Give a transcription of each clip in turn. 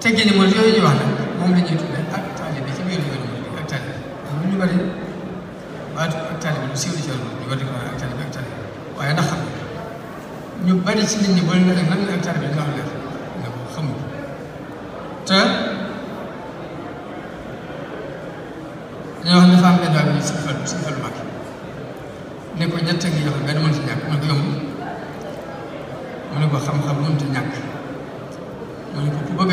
teggini mooy yooyu ñu wax nag moom la ñuy tuddee ak taalibe ci biir yoonu murid ak taalibe lu ñu bëri baatu ak taalibe lu siiw ci yoonu murid ñu war di ko ak taalibe ak taalibe waaye ndax xam ñu bëri ci nit ñi boole na lan la ak taalibe nga xam ne nga ko xamul te dañoo wax ne femme benn waay bi suñu fan suñu fan mag ne ko ñett ngi yoo xam benn mënut a ñàkk mu ne ko yomb mu ne ko xam-xam mënut a ñàkk mu ne ko ku bëgg a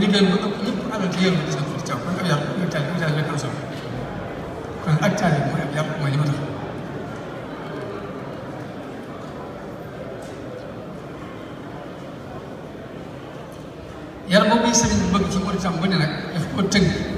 liggéey bu ëpp ñëpp alal ci yoon bi gis nga ko ci caw kon ab yàqu ak caal ak caal rek am solo kon ak caal mooy ab yàqu mooy li ma tax yar boobu sëriñ bi bëgg ci